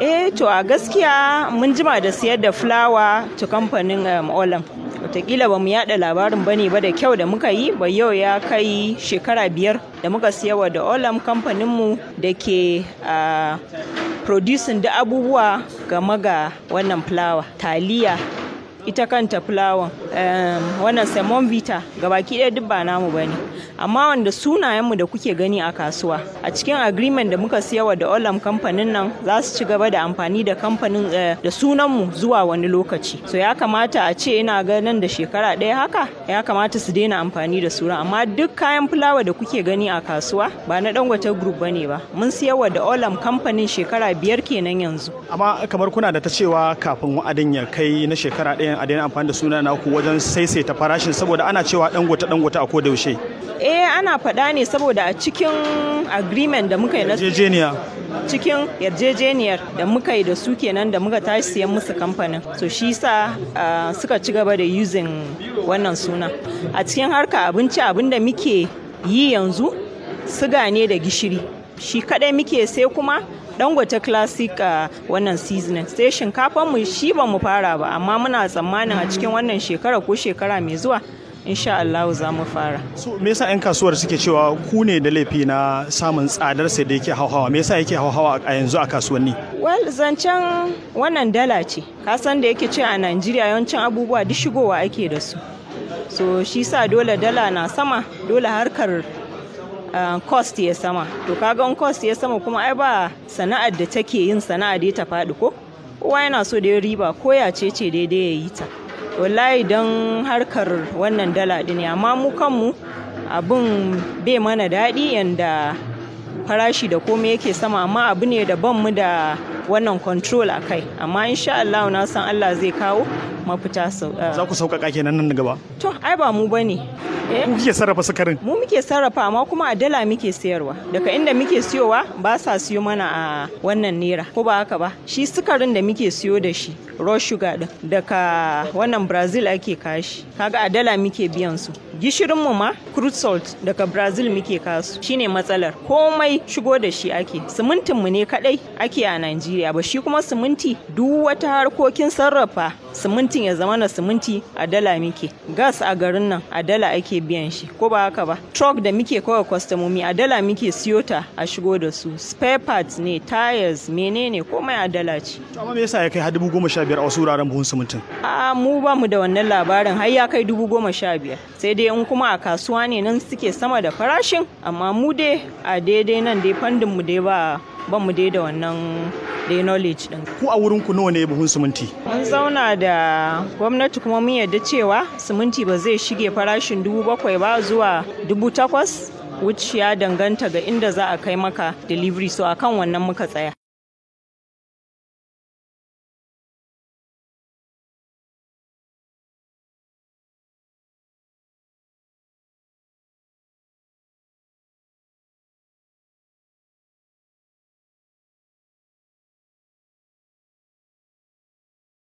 eh to a gaskiya mun jima da siyar da fulawa to kamfanin um, olam watakila ba mu yada labarin bane ba da kyau da muka yi ba yau ya kai shekara biyar da muka siyarwa da olam kamfaninmu da ke producing da abubuwa game ga wannan fulawa taliya ita kanta fulawan um, wannan semon vita gabaki ɗaya duk ba namu ba ne amma wanda sunayenmu da kuke gani a kasuwa a cikin agreement da muka siyawa da olam kamfanin nan za su ci gaba da amfani da kamfanin eh, da sunanmu zuwa wani lokaci so ya kamata a ce ina ganin da shekara ɗaya haka ya kamata su daina amfani da sura amma duk kayan fulawa da kuke gani a kasuwa ba na dangote group ba ne ba mun siyawa da olam kamfanin shekara biyar kenan yanzu amma kamar kuna da ta cewa kafin wa'adin ya kai na shekara ɗaya yin a daina amfani da suna naku wajen saisaita farashin saboda ana cewa dangote dangote a koda yaushe eh ana faɗa ne saboda a cikin agreement da muka yi na yarjejeniya cikin yarjejeniyar da muka yi da su kenan da muka tashi siyan musu kamfanin so shi sa ah, suka ci gaba da using wannan suna a cikin harka abinci abin da muke yi yanzu siga ne da gishiri shi kadai muke sai kuma dangote classic a uh, wannan season sai shinkafa mu shi ba mu fara ba amma muna tsammanin a cikin wannan shekara ko shekara mai zuwa insha Allah za mu fara. So, me yasa 'yan kasuwar suke cewa ku ne da laifi na samun tsadar sai da yake hauhawa me yasa yake hauhawa a yanzu a kasuwanni? Well, zancen wannan dala ce. ka san da yake ce a Najeriya yawancin abubuwa duk shigowa ake da su. So, shi sa dole dala na sama, dole harkar Eh, cost ya sama to kaga in cost ya sama kuma ai ba sana'ar da take yin sana'a dai ta faɗi ko kowa yana so da riba ko ya ce ce daidai ya yi ta wallahi don harkar wannan dala din ne amma mu kanmu abin bai mana daɗi yanda farashi da komai yake sama amma abu ne da ban mu da wannan control a kai amma insha Allah na san Allah zai kawo mafita sau eh. za ku sauƙaƙa kenan nan gaba to ai ba mu bane Ku eh? kuke sarrafa sukarin? Mu muke sarrafa amma kuma a dala muke sayarwa. Daga inda muke siyowa ba sa siyo mana a wannan nera, Ko ba haka ba? Shi sukarin da muke siyo da shi raw sugar din daga wannan Brazil ake kashi. Kaga a dala muke biyan su. Gishirin mu ma crude salt daga Brazil muke kasu. Shine matsalar. Komai shigo da shi ake. Simintin mu ne kadai ake a Najeriya ba shi kuma siminti duk wata harkokin sarrafa simintin ya zama na siminti a dala muke gas a garin nan a dala ake biyan shi ko ba haka ba truck da muke kawai kwastamomi a dala muke siyo ta a shigo da su spare parts ne tires menene komai a dala ce amma me yasa ya kai har dubu goma sha biyar a wasu wuraren buhun simintin a mu ba mu da wannan labarin har ya kai dubu goma sha biyar sai dai in kuma a kasuwa ne nan suke sama da farashin amma mu dai a daidai nan dai fandin mu dai ba ban mu dai da wannan da knowledge din. Ku a wurin ku nawa ne buhun siminti? Mun zauna da gwamnati kuma mun yarda cewa siminti ba zai shige farashin dubu bakwai ba zuwa dubu takwas wuciya ya danganta ga inda za a kai maka delivery so akan wannan muka tsaya.